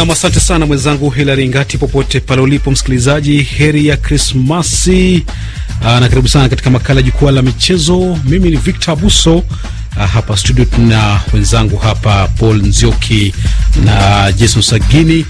Nam, asante sana mwenzangu Hilari Ngati, popote pale ulipo msikilizaji, heri ya Krismasi ah, na karibu sana katika makala jukwaa la michezo. Mimi ni Victor Abuso. Ah, hapa studio tuna wenzangu hapa Paul Nzioki na Jason Sagini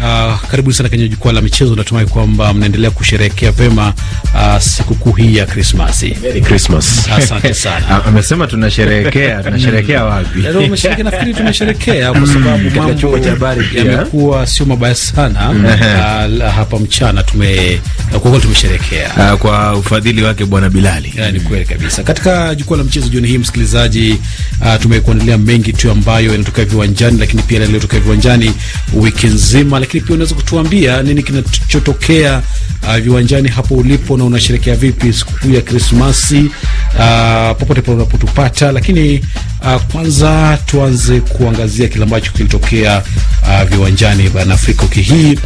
uh, karibu sana kwenye jukwaa la michezo. Natumai kwamba mnaendelea kusherehekea vema uh, ah, sikukuu hii ya Krismasi. Krismas, Asante sana. Ah, amesema tunasherehekea, hmm. tunasherehekea wapi? Leo umeshiriki, nafikiri tumesherehekea kwa hmm, sababu katika chumba cha habari yamekuwa sio mabaya sana. Uh, hapa mchana tume kwa kweli tumesherehekea uh, kwa ufadhili wake Bwana Bilali. Yaani kweli kabisa. Katika jukwaa la michezo jioni hii msikilizaji, uh, tumekuandalia mengi tu ambayo yanatokea viwanjani, lakini pia leo yanatokea viwanjani wiki nzima lakini pia unaweza kutuambia nini kinachotokea uh, viwanjani hapo ulipo na unasherekea vipi sikukuu ya Krismasi uh, popote pale unapotupata. Lakini uh, kwanza tuanze kuangazia kile ambacho kilitokea uh, viwanjani barani Afrika wiki hii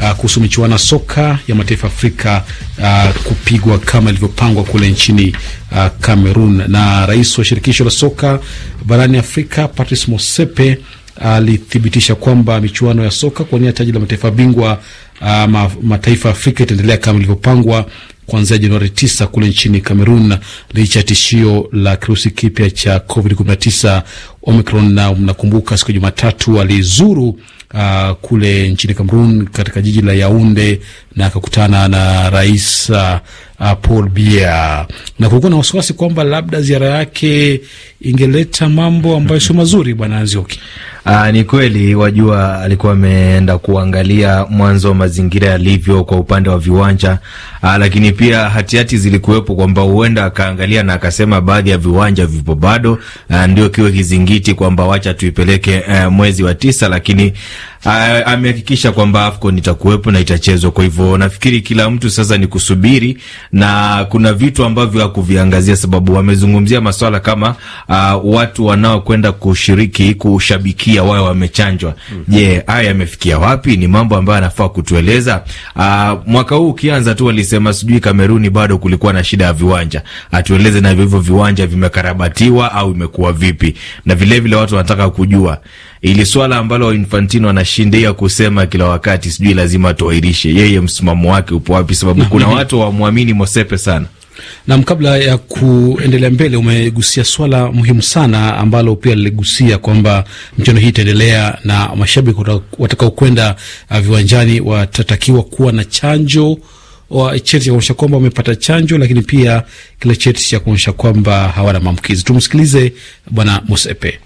uh, kuhusu michuano soka ya mataifa Afrika uh, kupigwa kama ilivyopangwa kule nchini uh, Cameroon, na rais wa shirikisho la soka barani Afrika Patrice Mosepe alithibitisha kwamba michuano ya soka kwa nia taji la mataifa bingwa uh, ma, mataifa ya Afrika itaendelea kama ilivyopangwa kuanzia Januari tisa kule nchini Cameroon, licha ya tishio la kirusi kipya cha COVID-19 Omicron. Na mnakumbuka siku ya Jumatatu alizuru uh, kule nchini Cameroon katika jiji la Yaounde na akakutana na rais uh, Paul Biya, na kulikuwa na wasiwasi kwamba labda ziara yake ingeleta mambo ambayo sio mazuri, Bwana Nzioki. Aa, ah, ni kweli wajua, alikuwa ameenda kuangalia mwanzo mazingira yalivyo kwa upande wa viwanja Aa, ah, lakini pia hatihati zilikuwepo kwamba huenda akaangalia na akasema baadhi ya viwanja vipo bado, ah, ndio kiwe kizingiti kwamba wacha tuipeleke uh, mwezi wa tisa, lakini uh, amehakikisha kwamba AFCON itakuwepo na itachezwa. Kwa hivyo nafikiri kila mtu sasa ni kusubiri, na kuna vitu ambavyo hakuviangazia, sababu wamezungumzia maswala kama uh, watu wanaokwenda kushiriki kushabikia wao wamechanjwa. Mhm. Je, mm -hmm. yeah, haya yamefikia wapi? Ni mambo ambayo anafaa kutueleza. Uh, mwaka huu ukianza tu wali akisema sijui Kameruni bado kulikuwa na shida ya viwanja, atueleze na hivyo viwanja vimekarabatiwa au imekuwa vipi. Na vilevile vile watu wanataka kujua ili swala ambalo Infantino anashindia kusema kila wakati, sijui lazima tuairishe, yeye msimamo wake upo wapi? Sababu kuna watu wamwamini Mosepe sana. Nam, kabla ya kuendelea mbele, umegusia swala muhimu sana ambalo pia liligusia kwamba michuano hii itaendelea na mashabiki watakaokwenda uh, viwanjani watatakiwa kuwa na chanjo cheti cha kuonyesha kwamba wamepata chanjo, lakini pia kile cheti cha kuonyesha kwamba hawana maambukizi. Tumsikilize Bwana Musepe.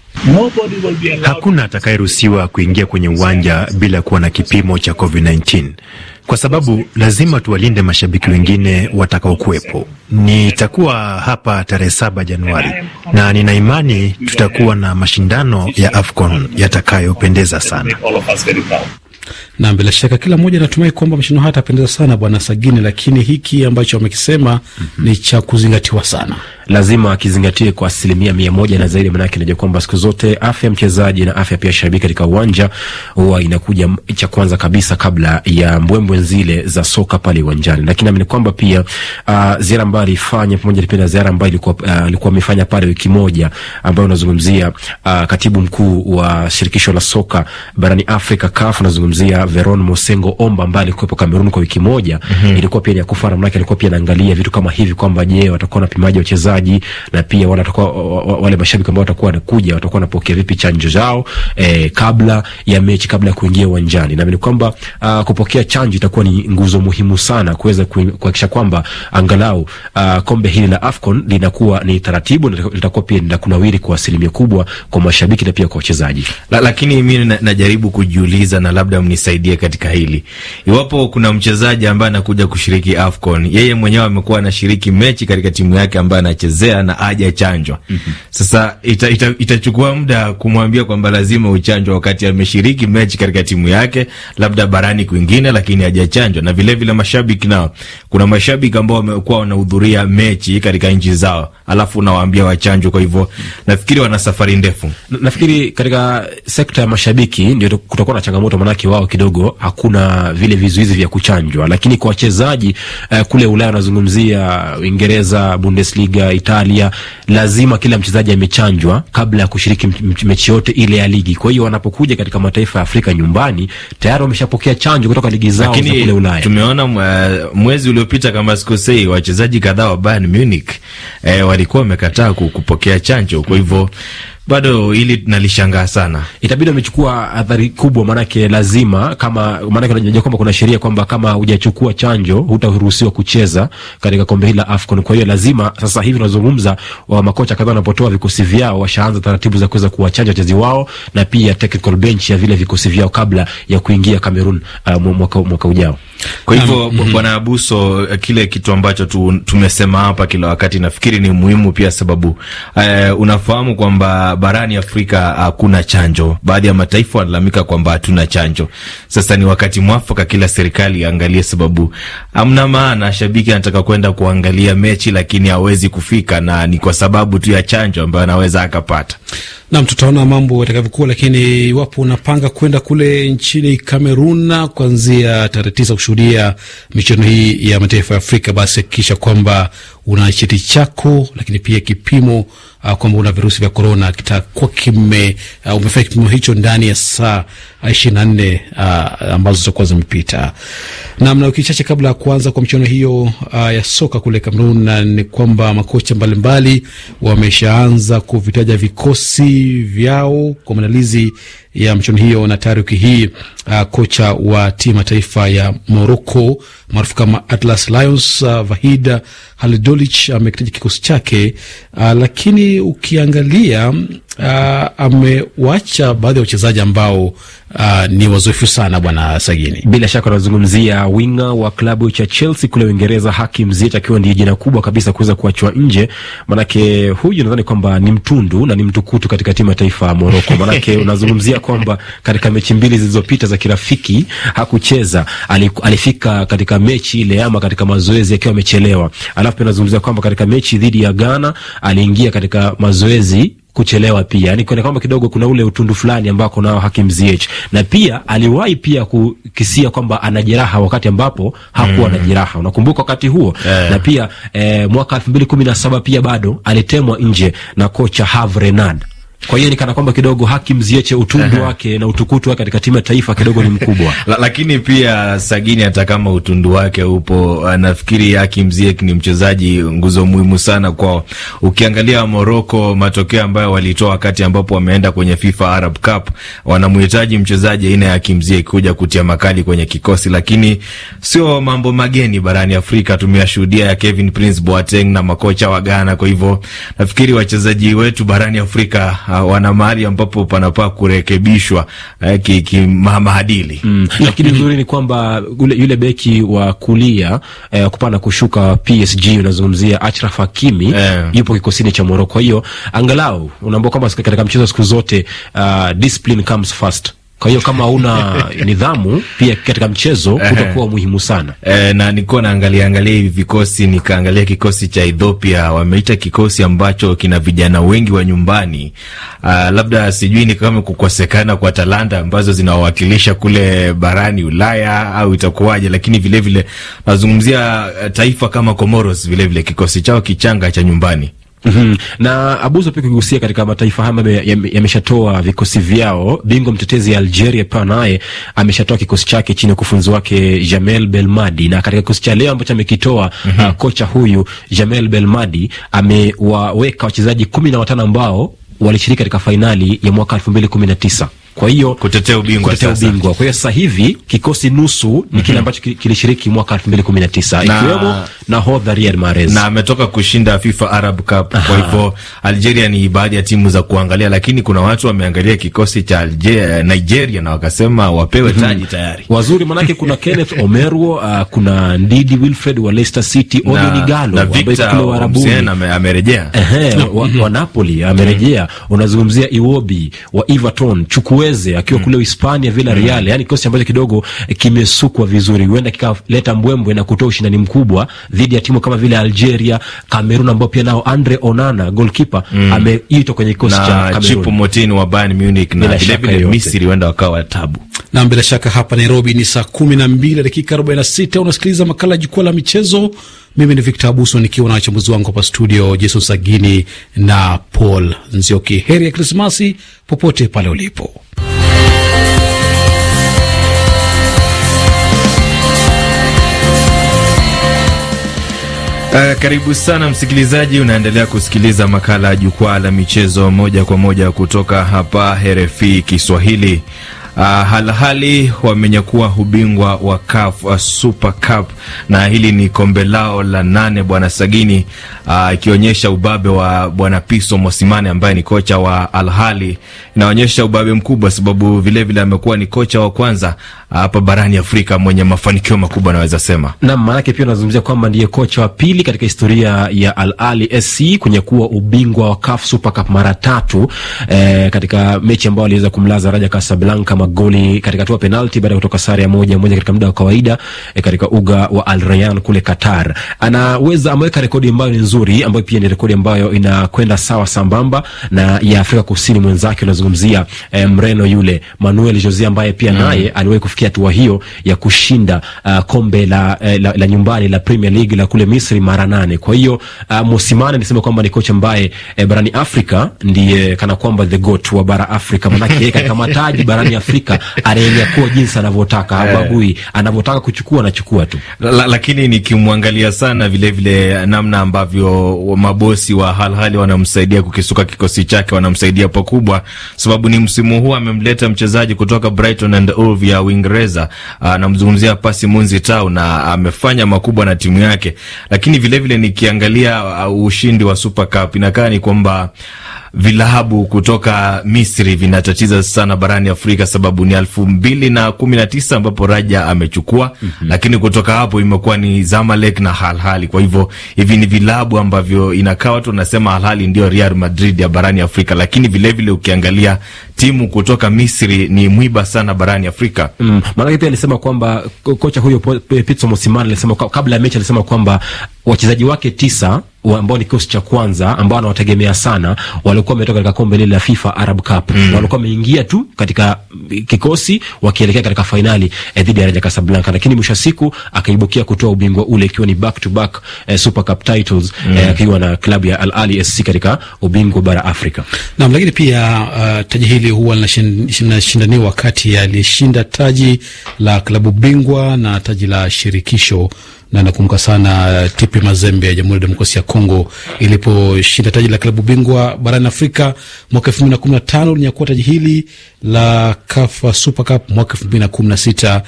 Hakuna atakayeruhusiwa kuingia kwenye uwanja bila kuwa na kipimo cha COVID-19 kwa sababu lazima tuwalinde mashabiki wengine watakaokuwepo. Nitakuwa hapa tarehe saba Januari na nina imani tutakuwa na mashindano ya AFCON yatakayopendeza sana. Na bila shaka kila mmoja anatumai kwamba mashindano haya atapendeza sana Bwana Sagini, lakini hiki ambacho wamekisema mm -hmm. ni cha kuzingatiwa sana, lazima akizingatie kwa asilimia mia moja na zaidi, maanake najua kwamba siku zote afya mchezaji na afya pia shabiki katika uwanja huwa inakuja cha kwanza kabisa kabla ya mbwembwe zile za soka pale uwanjani, lakini naamini kwamba pia uh, ziara ambayo alifanya pamoja na ziara ambayo ilikuwa ah, alikuwa uh, amefanya pale wiki moja ambayo unazungumzia uh, katibu mkuu wa shirikisho la soka barani Afrika CAF, unazungumzia Veron Mosengo Omba ambaye alikuwepo Kamerun kwa wiki moja mm -hmm. ilikuwa pia ni ya kufara, manake alikuwa pia anaangalia vitu kama hivi kwamba je, watakuwa na pimaji wachezaji na pia wale watakuwa wale mashabiki ambao watakuwa wanakuja watakuwa wanapokea vipi chanjo zao eh, kabla ya mechi, kabla ya kuingia uwanjani. Naamini kwamba uh, kupokea chanjo itakuwa ni nguzo muhimu sana kuweza kuhakikisha kwamba angalau uh, kombe hili la AFCON linakuwa ni taratibu na litakuwa pia kunawiri kwa asilimia kubwa kwa mashabiki na pia kwa wachezaji. La, lakini mimi najaribu kujiuliza na labda mnisa kusaidia katika hili. Iwapo kuna mchezaji ambaye anakuja kushiriki AFCON, yeye mwenyewe amekuwa anashiriki mechi katika timu yake ambayo anachezea na aja chanjwa. Mm -hmm. Sasa ita, ita, itachukua muda kumwambia kwamba lazima uchanjwa wakati ameshiriki mechi katika timu yake, labda barani kwingine, lakini hajachanjwa. Na vile vile mashabiki nao, kuna mashabiki ambao wamekuwa wanahudhuria mechi katika nchi zao, alafu unawaambia wachanjwe. Kwa hivyo nafikiri wana safari ndefu. Nafikiri katika sekta ya mashabiki ndio kutakuwa na changamoto, maanake wao kidogo kidogo hakuna vile vizuizi vya kuchanjwa, lakini kwa wachezaji eh, kule Ulaya wanazungumzia Uingereza, Bundesliga, Italia, lazima kila mchezaji amechanjwa kabla ya kushiriki mechi yote ile ya ligi. Kwa hiyo wanapokuja katika mataifa ya Afrika nyumbani tayari wameshapokea chanjo kutoka ligi zao lakini, za kule Ulaya. Tumeona mwezi uliopita kama sikosei, wachezaji kadhaa wa Bayern Munich eh, walikuwa wamekataa kupokea chanjo, kwa hivyo bado ili nalishangaa sana, itabidi amechukua athari kubwa, maanake lazima kama, maanake unajua kwamba kuna sheria kwamba kama hujachukua chanjo hutaruhusiwa kucheza katika kombe hili la AFCON. Kwa hiyo lazima sasa hivi tunazungumza, wa makocha kadhaa wanapotoa vikosi vyao, washaanza taratibu za kuweza kuwachanja wachezaji wao na pia technical bench ya vile vikosi vyao kabla ya kuingia Cameroon uh, mwaka, mwaka ujao. Kwa hivyo um, bwana Abuso, eh, kile kitu ambacho tu, tumesema hapa kila wakati nafikiri ni muhimu pia, sababu eh, unafahamu kwamba barani Afrika hakuna chanjo. Baadhi ya mataifa wanalalamika kwamba hatuna chanjo. Sasa ni wakati mwafaka kila serikali aangalie, sababu amna maana shabiki anataka kwenda kuangalia mechi lakini hawezi kufika, na ni kwa sababu tu ya chanjo ambayo anaweza akapata. Nam, tutaona mambo yatakavyokuwa, lakini iwapo unapanga kwenda kule nchini Kamerun kuanzia tarehe tisa kushuhudia michuano hii ya mataifa ya Afrika, basi hakikisha kwamba una cheti chako, lakini pia kipimo uh, kwamba una virusi vya korona kitakuwa kime uh, umefanya kipimo hicho ndani ya saa ishirini na nne uh, ambazo zitakuwa zimepita. Nam na wiki chache kabla ya kuanza kwa michuano hiyo uh, ya soka kule Kamerun, ni kwamba makocha mbalimbali wameshaanza kuvitaja vikosi vyao kwa maandalizi ya michuano hiyo. Na tayari hii uh, kocha wa timu taifa ya Morocco maarufu kama Atlas Lions uh, Vahid Halidolich amekitaja uh, kikosi chake uh, lakini ukiangalia uh, amewacha baadhi ya wachezaji ambao uh, ni wazoefu sana, Bwana Sagini. Bila shaka anazungumzia winga wa klabu cha Chelsea kule Uingereza, Hakim Ziyech akiwa ndiye jina kubwa kabisa kuweza kuachwa nje, manake huyu nadhani kwamba ni mtundu na ni mtukutu katika timu ya taifa ya Morocco, manake unazungumzia kwamba katika mechi mbili zilizopita za kirafiki hakucheza, alifika katika mechi ile ama katika mazoezi akiwa amechelewa. Alafu pia nazungumzia kwamba katika mechi dhidi ya Ghana aliingia katika mazoezi kuchelewa pia, yani kuna kwamba kidogo kuna ule utundu fulani ambao nao Hakim Ziyech, na pia aliwahi pia kukisia kwamba ana jeraha wakati ambapo hakuwa mm, na jeraha, unakumbuka wakati huo yeah. Na pia eh, mwaka 2017 pia bado alitemwa nje na kocha Have Renard kwa hiyo ni kana kwamba kidogo Hakim Ziyech utundu wake na utukutu wake katika timu ya taifa kidogo ni mkubwa. La, lakini pia Sagini, hata kama utundu wake upo, uh, nafikiri Hakim Ziyech ni mchezaji nguzo muhimu sana kwao. Ukiangalia Moroko, matokeo ambayo walitoa wakati ambapo wameenda kwenye FIFA Arab Cup, wanamhitaji mchezaji aina ya Hakim Ziyech kuja kutia makali kwenye kikosi, lakini sio mambo mageni barani Afrika. Tumeyashuhudia ya Kevin Prince Boateng na makocha wa Ghana. Kwa hivyo nafikiri wachezaji wetu barani Afrika uh, Ah, wana mahali ambapo panapaa kurekebishwa kimaadili eh, ki, mm. Lakini uzuri ni kwamba yule, yule beki wa kulia eh, kupana kushuka PSG unazungumzia Achraf Hakimi eh, yupo kikosini cha moroko Kwa hiyo angalau unaambia kwamba katika mchezo siku zote uh, discipline comes first kwa hiyo kama una nidhamu pia katika mchezo utakuwa muhimu sana. E, na nilikuwa naangalia angalia hivi vikosi, nikaangalia kikosi cha Ethiopia, wameita kikosi ambacho kina vijana wengi wa nyumbani. uh, labda sijui ni kama kukosekana kwa talanta ambazo zinawawakilisha kule barani Ulaya au itakuwaje, lakini vilevile nazungumzia e, taifa kama Comoros, vilevile kikosi chao kichanga cha nyumbani Mm -hmm. Na abuzo pia kigusia katika mataifa haya yameshatoa vikosi vyao. Bingwa mtetezi ya Algeria pia naye ameshatoa kikosi chake chini ya kufunzi wake Jamel Belmadi, na katika kikosi cha leo ambacho amekitoa mm -hmm. uh, kocha huyu Jamel Belmadi amewaweka wachezaji kumi na watano ambao walishiriki katika fainali ya mwaka elfu mbili kumi na tisa. Kwa hiyo kutetea ubingwa, kutetea ubingwa. Kwa hiyo sasa hivi kikosi nusu ni mm -hmm. kile ambacho kilishiriki mwaka 2019 na, ikiwemo nahodha Riyad Mahrez na ametoka kushinda FIFA Arab Cup. Aha. Kwa hivyo Algeria ni baadhi ya timu za kuangalia, lakini kuna watu wameangalia kikosi cha Algeria, Nigeria na wakasema wapewe mm -hmm. taji tayari wazuri, manake kuna Kenneth Omeruo uh, kuna Ndidi Wilfred wa Leicester City, Odion Igalo na Victor Osimhen amerejea, ehe wa, wa Napoli amerejea, mhm. unazungumzia Iwobi wa Everton chukua mbweze akiwa mm. kule Hispania Villa mm. yani kikosi ambacho kidogo kimesukwa vizuri, huenda kikaleta mbwembwe na kutoa ushindani mkubwa dhidi ya timu kama vile Algeria, Cameroon ambao pia nao Andre Onana goalkeeper mm. ameitwa kwenye kikosi cha Cameroon, Chipo wa Bayern Munich na vile vile Misri huenda wakawa tabu. Na bila shaka hapa Nairobi ni saa 12 dakika 46, unasikiliza makala ya jukwaa la michezo mimi ni Victor Abuso nikiwa na wachambuzi wangu hapa studio, Jason Sagini na Paul Nzioki. Heri ya Krismasi popote pale ulipo. Uh, karibu sana msikilizaji, unaendelea kusikiliza makala ya jukwaa la michezo moja kwa moja kutoka hapa RFI Kiswahili. Uh, halhali wamenyakua ubingwa wa CAF uh, Super Cup na hili ni kombe lao la nane, bwana Sagini, ah, ikionyesha uh, ubabe wa bwana Piso Mosimane ambaye ni kocha wa Al Inaonyesha ubabe mkubwa, sababu vilevile amekuwa ni kocha wa kwanza hapa barani Afrika mwenye mafanikio makubwa naweza sema. Naam, maanake pia unazungumzia kwamba ndiye kocha wa pili katika historia ya Al Ahly SC kwenye kuwa ubingwa wa CAF Super Cup mara tatu eh, katika mechi ambayo aliweza kumlaza Raja Casablanca magoli katika hatua penalti baada ya kutoka sare ya moja moja katika muda wa kawaida eh, katika uga wa Al Rayyan kule Qatar. Anaweza ameweka rekodi ambayo ni nzuri, ambayo pia ni rekodi ambayo inakwenda sawa sambamba na ya Afrika Kusini mwenzake unazungumzia eh, Mreno yule Manuel Jose ambaye pia mm. naye mm, aliwahi kufikia kufikia hatua hiyo ya kushinda uh, kombe la, eh, la, la nyumbani la Premier League la kule Misri mara nane. Kwa hiyo uh, Mosimane anasema kwamba ni kocha ambaye eh, barani Afrika ndiye kana kwamba the goat wa bara Afrika, manake yeye kama mataji barani Afrika anayenyakua jinsi anavyotaka, eh. abagui anavyotaka kuchukua anachukua tu la, lakini nikimwangalia sana vile vile namna ambavyo mabosi wa Al Ahly wanamsaidia kukisuka kikosi chake, wanamsaidia pakubwa, sababu ni msimu huu amemleta mchezaji kutoka Brighton and Hove ya Uingereza Uingereza. Anamzungumzia ah, pasi Munzi Tau na amefanya makubwa na timu yake, lakini vilevile vile nikiangalia ah, ushindi wa Super Cup inakaa ni kwamba vilabu kutoka Misri vinatatiza sana barani Afrika sababu ni elfu mbili na kumi na tisa ambapo Raja amechukua mm -hmm. Lakini kutoka hapo imekuwa ni Zamalek na Halhali. Kwa hivyo hivi ni vilabu ambavyo inakaa watu wanasema Halhali ndio Real Madrid ya barani Afrika, lakini vilevile vile ukiangalia timu kutoka Misri ni mwiba sana barani Afrika mm. pia alisema kwamba kocha huyo Pitso Mosimane alisema kabla ya mechi alisema kwamba wachezaji wake tisa ambao ni kikosi cha kwanza ambao anawategemea sana, walikuwa wametoka katika kombe lile la FIFA Arab Cup mm. walikuwa wameingia tu katika eh, kikosi wakielekea katika fainali eh, dhidi ya Raja Casablanca, lakini mwisho siku akaibukia kutoa ubingwa ule ikiwa ni back to back eh, Super Cup titles mm. eh, akiwa na klabu ya Al Ahly SC katika ubingwa bara Afrika. Naam, lakini pia uh, taji hili huwa linashindaniwa kati ya alishinda taji la klabu bingwa na taji la shirikisho na nakumbuka sana uh, TP Mazembe ya Jamhuri ya Demokrasia ya Kongo iliposhinda taji la klabu bingwa barani Afrika mwaka elfu mbili na na kumi tano linyakua taji hili la Kafa Super Cup mwaka elfu mbili na kumi na na sita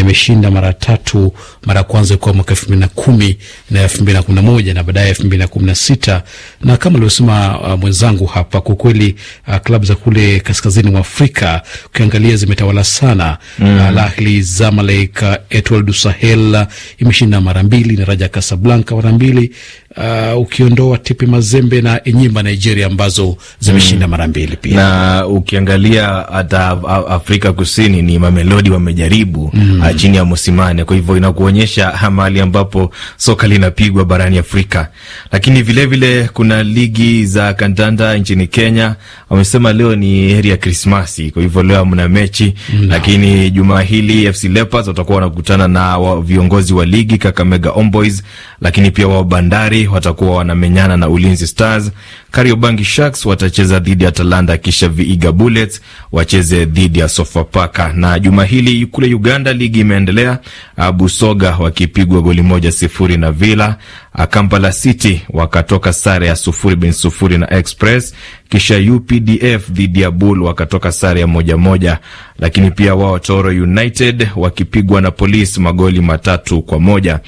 imeshinda mara tatu, mara ya kwanza ikuwa mwaka elfu mbili na kumi na elfu mbili na na na kumi moja baadaye elfu 2016. Na kama alivyosema uh, mwenzangu hapa, kwa kweli uh, klabu za kule kaskazini mwa Afrika ukiangalia zimetawala sana mm. uh, Al Ahly, Zamalek, Etoile du Sahel imeshinda mara mbili na Raja Casablanca mara mbili uh, ukiondoa Tipi Mazembe na Enyimba Nigeria ambazo zimeshinda mm. mara mbili pia. Na ukiangalia hata Afrika Kusini ni Mamelodi wamejaribu mm. Uh, chini ya Mosimane, kwa hivyo inakuonyesha mahali ambapo soka linapigwa barani Afrika. Lakini vilevile vile kuna ligi za kandanda nchini Kenya, wamesema leo ni heri ya Krismasi, kwa hivyo leo hamna mechi no. Lakini jumaa hili FC Leopards watakuwa wanakutana na viongozi wa ligi Kakamega Homeboyz, lakini pia wao Bandari watakuwa wanamenyana na Ulinzi Stars. Kariobangi Sharks watacheza dhidi ya talanda kisha Viiga Bullets wacheze dhidi ya Sofapaka. Na juma hili kule Uganda ligi imeendelea, Busoga wakipigwa goli moja sifuri na Villa, Kampala City wakatoka sare ya sufuri bin sufuri na Express, kisha UPDF dhidi ya Bull wakatoka sare ya moja moja, lakini pia wao Toro United wakipigwa na polis magoli matatu kwa moja.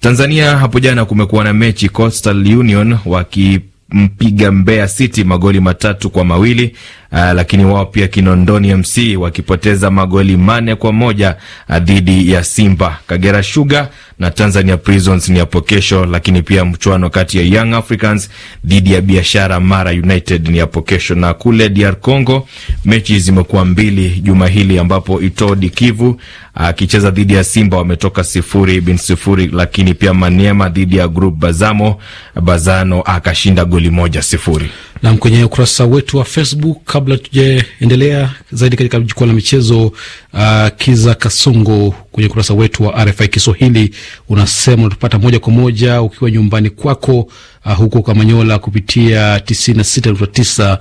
Tanzania hapo jana kumekuwa na mechi Coastal Union waki mpiga Mbeya City magoli matatu kwa mawili. Aa, uh, lakini wao pia Kinondoni MC wakipoteza magoli mane kwa moja uh, dhidi ya Simba. Kagera Sugar na Tanzania Prisons ni hapo kesho, lakini pia mchuano kati ya Young Africans dhidi ya Biashara Mara United ni hapo kesho. Na kule DR Congo mechi zimekuwa mbili juma hili ambapo Itodi Kivu akicheza dhidi ya Simba wametoka sifuri bin sifuri, lakini pia Maniema dhidi ya Group Bazamo Bazano akashinda goli moja sifuri. Nam kwenye ukurasa wetu wa Facebook. Kabla tujaendelea zaidi katika jukwaa la michezo, uh, Kiza Kasongo kwenye ukurasa wetu wa RFI Kiswahili unasema unatupata moja kwa moja ukiwa nyumbani kwako, uh, huko Kamanyola kupitia 96.9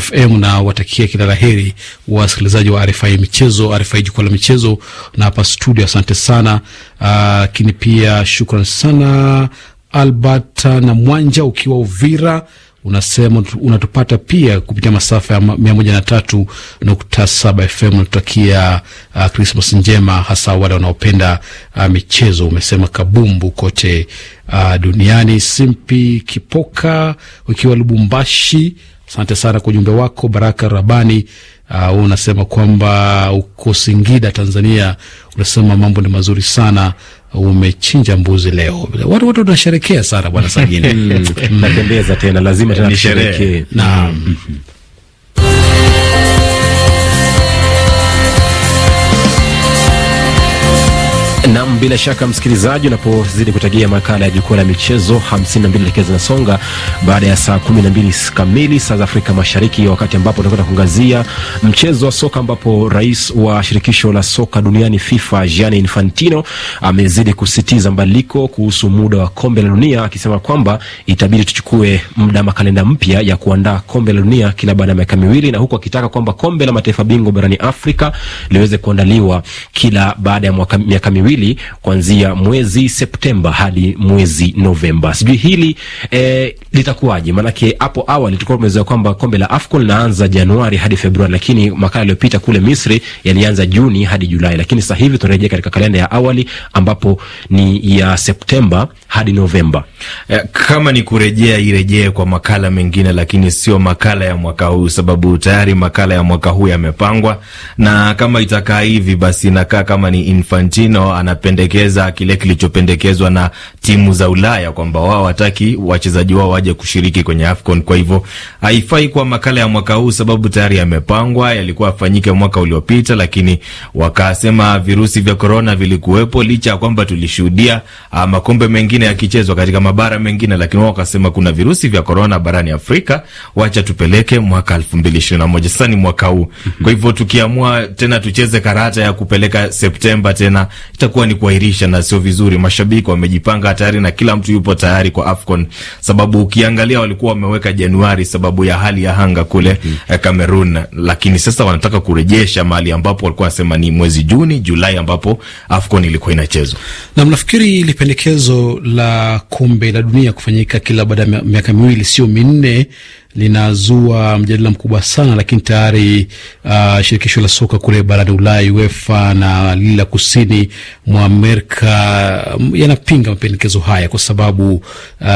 FM na watakia kila la heri wasikilizaji wa RFI michezo, RFI jukwaa la michezo na hapa studio. Asante sana, uh, lakini uh, pia shukran sana Albert na Mwanja ukiwa Uvira unasema unatupata pia kupitia masafa ya mia moja na tatu nukta saba FM. Natutakia uh, Krismas njema, hasa wale wanaopenda uh, michezo. Umesema kabumbu kote uh, duniani. Simpi Kipoka ukiwa Lubumbashi, asante sana kwa ujumbe wako. Baraka Rabani uh, unasema kwamba uko Singida, Tanzania, unasema mambo ni mazuri sana umechinja mbuzi leo. Watu watu tunasherekea sana bwana Sagini. Hmm, Natembeza tena lazima tunasherekee. Naam. Hmm, hmm. Nam, bila shaka msikilizaji, unapozidi kutagia makala ya jukwaa la michezo 52 dakika zinasonga baada ya saa 12 kamili saa za Afrika Mashariki, wakati ambapo tunakwenda kuangazia mchezo wa soka ambapo rais wa shirikisho la soka duniani FIFA Gianni Infantino amezidi kusitiza mabadiliko kuhusu muda wa kombe la dunia, akisema kwamba itabidi tuchukue muda ama kalenda mpya ya kuandaa kombe la dunia kila baada ya miaka miwili, na huku akitaka kwamba kombe la mataifa bingwa barani Afrika liweze kuandaliwa kila baada ya miaka miwili mbili kuanzia mwezi Septemba hadi mwezi Novemba. Sijui hili e, litakuwaje? Maanake hapo awali tulikuwa tumezoea kwamba kombe la AFCON linaanza Januari hadi Februari, lakini makala iliyopita kule Misri yalianza Juni hadi Julai, lakini sasa hivi tunarejea katika kalenda ya awali ambapo ni ya Septemba hadi Novemba. Eh, kama ni kurejea, irejee kwa makala mengine, lakini sio makala ya mwaka huu, sababu tayari makala ya mwaka huu yamepangwa, na kama itakaa hivi basi inakaa kama ni Infantino ana wanapendekeza kile kilichopendekezwa na timu za Ulaya kwamba wao wataki wachezaji wao waje kushiriki kwenye AFCON. Kwa hivyo haifai kuwa makala ya mwaka huu, sababu tayari yamepangwa, yalikuwa afanyike mwaka uliopita, lakini wakasema virusi vya korona vilikuwepo, licha ya kwamba tulishuhudia ah, makombe mengine yakichezwa katika mabara mengine, lakini wao wakasema kuna virusi vya korona barani Afrika, wacha tupeleke mwaka 2021. Sasa ni mwaka huu, kwa hivyo tukiamua tena tucheze karata ya kupeleka Septemba tena itakuwa ni kuahirisha na sio vizuri. Mashabiki wamejipanga tayari na kila mtu yupo tayari kwa AFCON, sababu ukiangalia walikuwa wameweka Januari sababu ya hali ya hanga kule mm -hmm. Lakini sasa wanataka kurejesha mahali ambapo walikuwa wanasema ni mwezi Juni, Julai ambapo AFCON ilikuwa inachezwa. Na mnafikiri ile pendekezo la kombe la dunia kufanyika kila baada ya miaka miwili sio minne linazua mjadala mkubwa sana, lakini tayari uh, shirikisho la soka kule barani Ulaya UEFA na lile la kusini mwa Amerika um, yanapinga mapendekezo haya kwa sababu uh,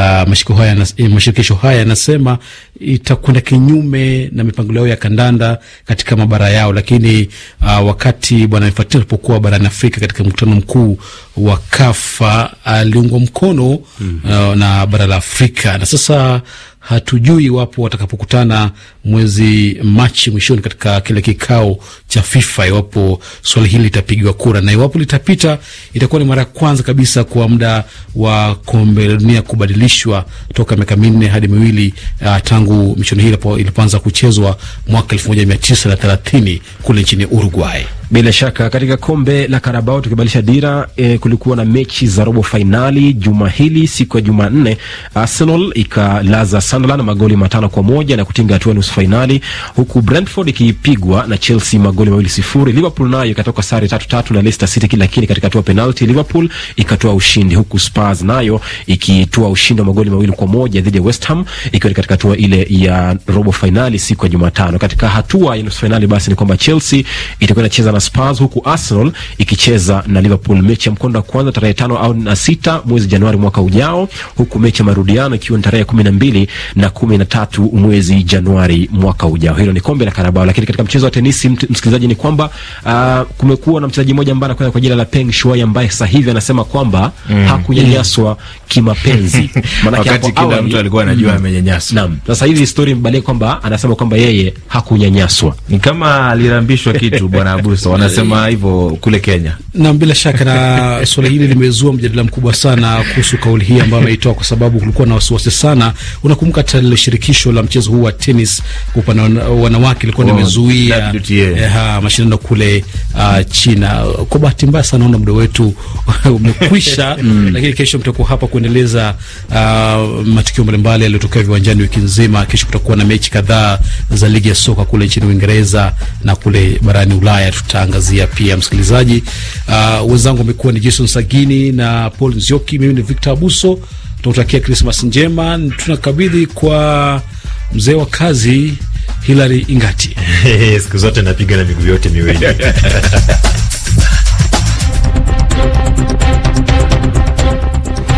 eh, mashirikisho haya yanasema itakwenda kinyume na mipango yao ya kandanda katika mabara yao. Lakini uh, wakati bwana Infantino alipokuwa barani Afrika katika mkutano mkuu wa Kafa aliungwa ah, mkono mm -hmm. uh, na bara la Afrika na sasa hatujui iwapo watakapokutana mwezi Machi mwishoni katika kile kikao cha FIFA iwapo swali hili litapigiwa kura, na iwapo litapita, itakuwa ni mara ya kwanza kabisa kwa muda wa kombe la dunia kubadilishwa toka miaka minne hadi miwili uh, tangu michuano hii ilipoanza kuchezwa mwaka elfu moja mia tisa na thelathini kule nchini Uruguay. Bila shaka katika kombe la Karabao tukibadilisha dira e, kulikuwa na mechi za robo fainali juma hili. Siku ya Jumanne, Arsenal ikalaza Sunderland magoli matano kwa moja na kutinga hatua nusu fainali, huku Brentford ikipigwa na Chelsea magoli mawili sifuri. Liverpool nayo ikatoka sare tatu tatu na Leicester City, lakini katika hatua penalti Liverpool ikatoa ushindi, huku Spurs nayo ikitoa ushindi wa magoli mawili kwa moja dhidi ya West Ham ikiwa ni katika hatua ile ya robo fainali siku ya Jumatano. Katika hatua ya nusu fainali basi ni kwamba Chelsea itakuwa inacheza na Spurs, huku Arsenal ikicheza na Liverpool mechi ya mkondo wa kwanza tarehe tano au na sita mwezi Januari mwaka ujao, huku mechi ya marudiano ikiwa ni tarehe kumi na mbili na kumi na tatu mwezi Januari mwaka ujao. Hilo ni kombe la Karabao. Lakini katika mchezo wa tenisi, msikilizaji, ni kwamba uh, kumekuwa na mchezaji mmoja ambaye anakwenda kwa jina la Peng Shuai ambaye sasa hivi anasema kwamba mm. hakunyanyaswa mm. kimapenzi maana wakati kila mtu alikuwa anajua mm. amenyanyaswa. Naam, sasa hivi story mbali kwamba anasema kwamba yeye hakunyanyaswa, ni kama alirambishwa kitu bwana Abus sasa wanasema hivyo kule Kenya. Na bila shaka na swala hili limezua mjadala mkubwa sana kuhusu kauli hii ambayo ameitoa, kwa sababu kulikuwa na wasiwasi sana. Unakumbuka hata lile shirikisho la mchezo huu wa tenis kwa upande wa wanawake ilikuwa oh, limezuia oh, mashindano kule uh, China. Kwa bahati mbaya sana naona muda wetu umekwisha mm. Lakini kesho mtakuwa hapa kuendeleza uh, matukio mbalimbali yaliyotokea viwanjani wiki nzima. Kesho kutakuwa na mechi kadhaa za ligi ya soka kule nchini Uingereza na kule barani Ulaya tuta tutaangazia pia msikilizaji. Uh, wenzangu wamekuwa ni Jason Sagini na Paul Nzioki, mimi ni Victor Abuso. Tunakutakia Krismas njema, tunakabidhi kwa mzee wa kazi Hilary Ingati. Siku zote napiga na miguu yote miwili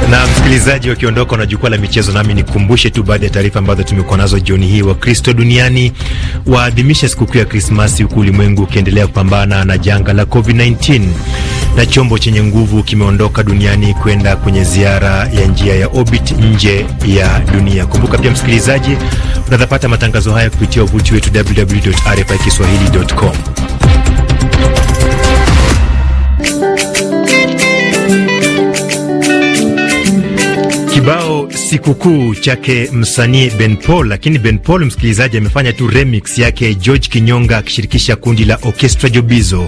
na msikilizaji, wakiondoka na jukwaa la michezo, nami nikumbushe tu baadhi ya taarifa ambazo tumekuwa nazo jioni hii. Wakristo duniani waadhimisha sikukuu ya Krismasi huku ulimwengu ukiendelea kupambana na janga la COVID-19. Na chombo chenye nguvu kimeondoka duniani kwenda kwenye ziara ya njia ya orbit nje ya dunia. Kumbuka pia msikilizaji, unaweza pata matangazo haya kupitia uvuti wetu www.rfikiswahili.com. sikukuu chake msanii Ben Paul, lakini Ben Paul msikilizaji, amefanya tu remix yake George Kinyonga akishirikisha kundi la Orchestra Jobizo.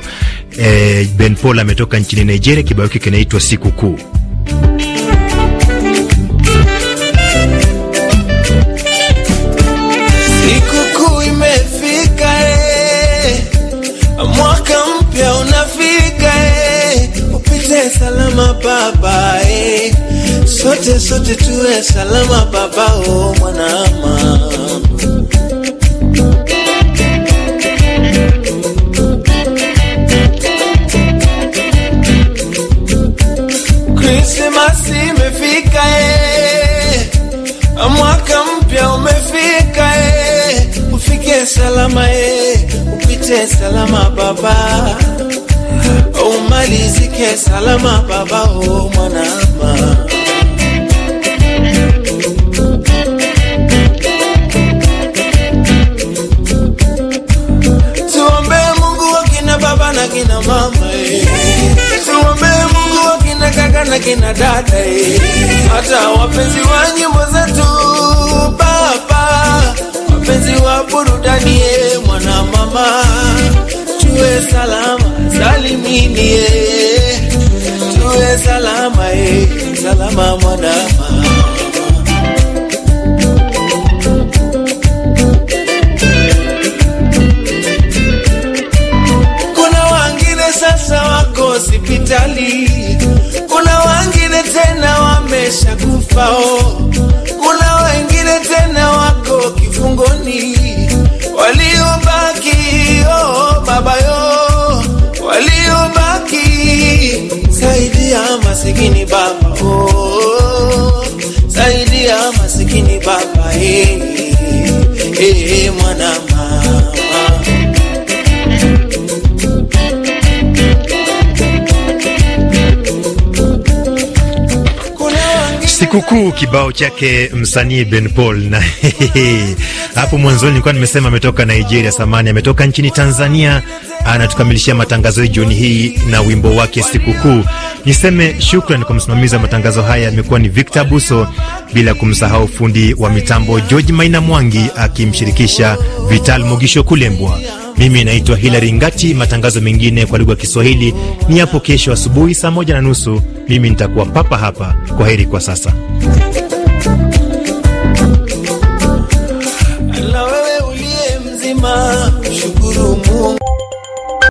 E, Ben Paul ametoka nchini Nigeria, kibao hiki kinaitwa Sikukuu. Sikukuu imefika, eh, mwaka mpya unafika, eh, upite salama baba eh. Sote sote tuwe salama babao mwanama Krismasi imefika eh, mwaka mpya umefika eh, ufike salama eh, upite salama baba umalizike salama babao mwanama kina mama tuombee eh. Mungu wa kina kaka na kina dada, eh. hata wapenzi wa nyimbo zetu papa, wapenzi wa burudani eh, mwana mama, tuwe salama salimini, tuwe salama salama mwana mama kali. Kuna wengine tena wameshakufa, oh. kuna wengine tena wako kifungoni, waliobaki oh, baba yo, waliobaki saidia masikini baba oh, saidia masikini baba eh, hey, hey, eh, eh mwana Sikukuu kibao chake msanii Ben Paul na hapo mwanzoni nilikuwa nimesema ametoka Nigeria, samani, ametoka nchini Tanzania. Anatukamilishia matangazo hii jioni hii na wimbo wake Sikukuu. Niseme shukrani kwa msimamizi wa matangazo haya amekuwa ni Victor Buso, bila kumsahau fundi wa mitambo George Maina Mwangi akimshirikisha Vital Mogisho Kulembwa. Mimi naitwa Hilary Ngati. Matangazo mengine kwa lugha ya Kiswahili ni hapo kesho asubuhi saa moja na nusu. Mimi nitakuwa papa hapa. Kwa heri kwa sasa.